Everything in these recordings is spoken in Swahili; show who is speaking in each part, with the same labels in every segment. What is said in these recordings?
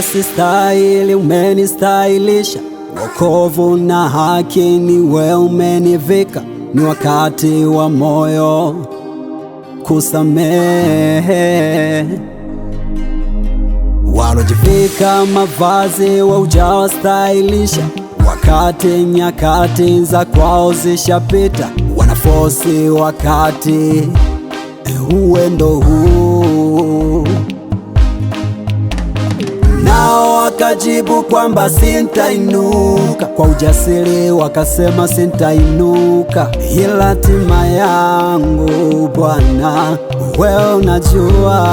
Speaker 1: basi umenistahilisha wokovu na haki, niwe umenivika. Ni wakati wa moyo kusamehe walojivika mavazi wa ujawastahilisha. Wakati nyakati za kwao zishapita, wanafosi wakati eh, uwendo huu nao wakajibu kwamba sintainuka. Kwa ujasiri wakasema sintainuka, ila hatima yangu Bwana wewe unajua.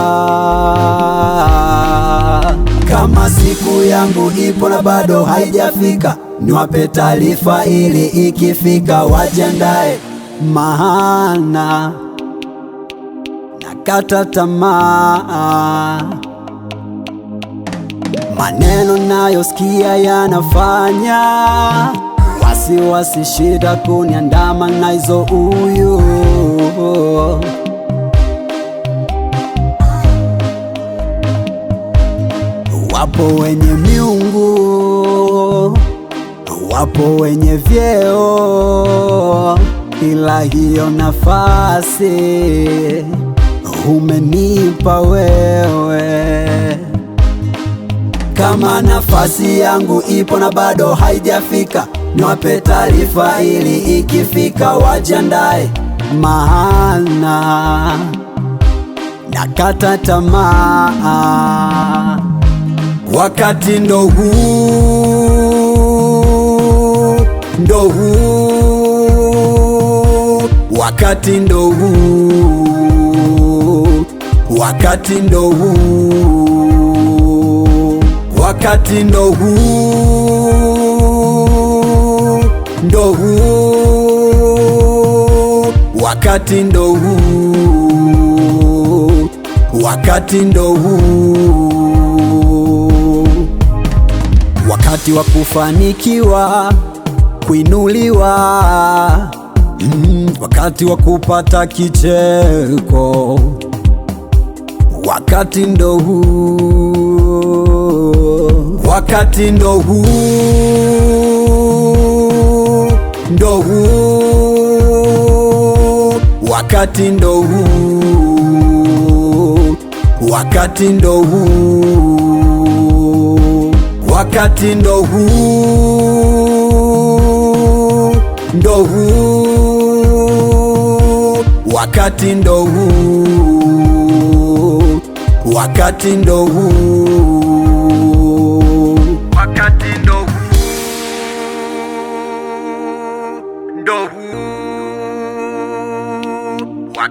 Speaker 1: Kama siku yangu ipo na bado haijafika, niwape taarifa ili ikifika wajiandae, maana nakata tamaa Maneno nayosikia yanafanya wasiwasi, shida kuniandama na hizo uyu Wapo wenye miungu, wapo wenye vyeo, ila hiyo nafasi umenipa wewe nafasi yangu ipo na bado haijafika, niwape taarifa ili ikifika wajandae, maana nakata tamaa, wakati ndo huu, ndo huu, wakati ndo huu, wakati ndo huu wakati ndo huu, ndo huu, wakati ndo huu, wakati ndo huu, wakati wa kufanikiwa kuinuliwa, mm, wakati wa kupata kicheko, wakati ndo huu wakati ndo huu, ndo huu, wakati ndo huu, wakati ndo huu, wakati ndo huu, ndo huu, wakati ndo huu, wakati ndo huu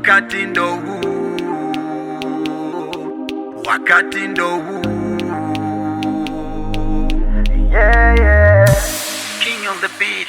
Speaker 1: wakati ndo huu, wakati ndo huu yeah, yeah. King on the beat.